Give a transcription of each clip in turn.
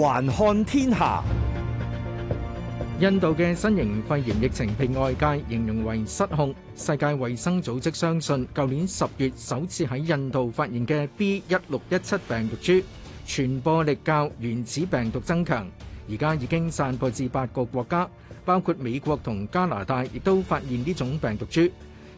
環看天下，印度嘅新型肺炎疫情被外界形容為失控。世界衛生組織相信，舊年十月首次喺印度發現嘅 B 一六一七病毒株，傳播力較原始病毒增強。而家已經散播至八個國家，包括美國同加拿大，亦都發現呢種病毒株。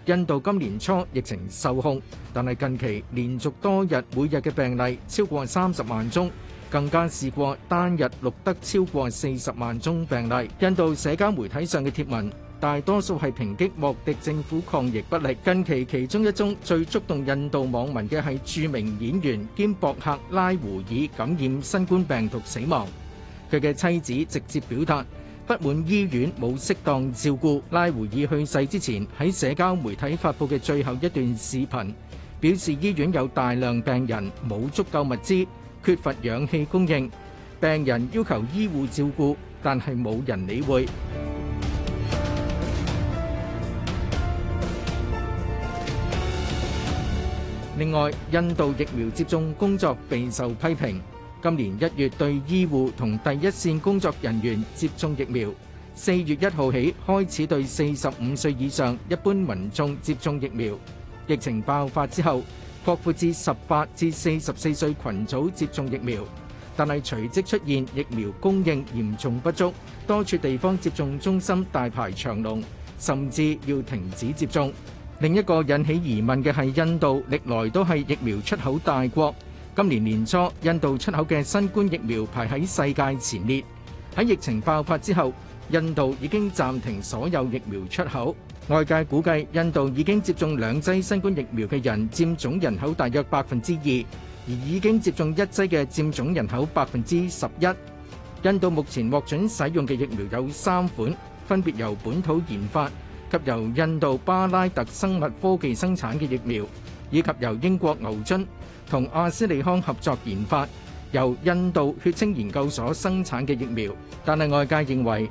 印度今年初疫情受控，但係近期連續多日每日嘅病例超過三十萬宗。更加試過單日錄得超過四十萬宗病例。印度社交媒體上嘅貼文大多數係抨擊莫迪政府抗疫不力。近期其中一宗最觸動印度網民嘅係著名演員兼博客拉胡爾感染新冠病毒死亡。佢嘅妻子直接表達不滿醫院冇適當照顧拉胡爾去世之前喺社交媒體發布嘅最後一段視頻，表示醫院有大量病人冇足夠物資。缺乏氧氣供應，病人要求醫護照顧，但係冇人理會。另外，印度疫苗接種工作備受批評。今年一月對醫護同第一線工作人員接種疫苗，四月一號起開始對四十五歲以上一般民眾接種疫苗。疫情爆發之後，擴闊至十八至四十四歲群組接種疫苗，但係隨即出現疫苗供應嚴重不足，多處地方接種中心大排長龍，甚至要停止接種。另一個引起疑問嘅係印度，歷來都係疫苗出口大國。今年年初，印度出口嘅新冠疫苗排喺世界前列。喺疫情爆發之後。印度已經暫停所有疫苗出口，外界估計印度已經接種兩劑新冠疫苗嘅人佔總人口大約百分之二，而已經接種一劑嘅佔總人口百分之十一。印度目前獲准使用嘅疫苗有三款，分別由本土研發及由印度巴拉特生物科技生產嘅疫苗，以及由英國牛津同阿斯利康合作研發、由印度血清研究所生產嘅疫苗。但係外界認為。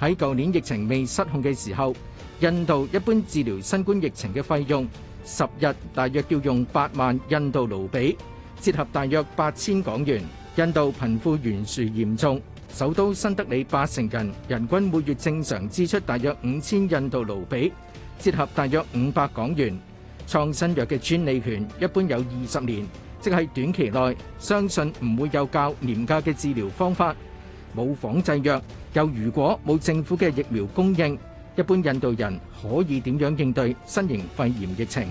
喺舊年疫情未失控嘅時候，印度一般治療新冠疫情嘅費用，十日大約要用八萬印度盧比，折合大約八千港元。印度貧富懸殊嚴重，首都新德里八成人，人均每月正常支出大約五千印度盧比，折合大約五百港元。創新藥嘅專利權一般有二十年，即係短期內，相信唔會有較廉價嘅治療方法。冇仿製藥，又如果冇政府嘅疫苗供應，一般印度人可以點樣應對新型肺炎疫情？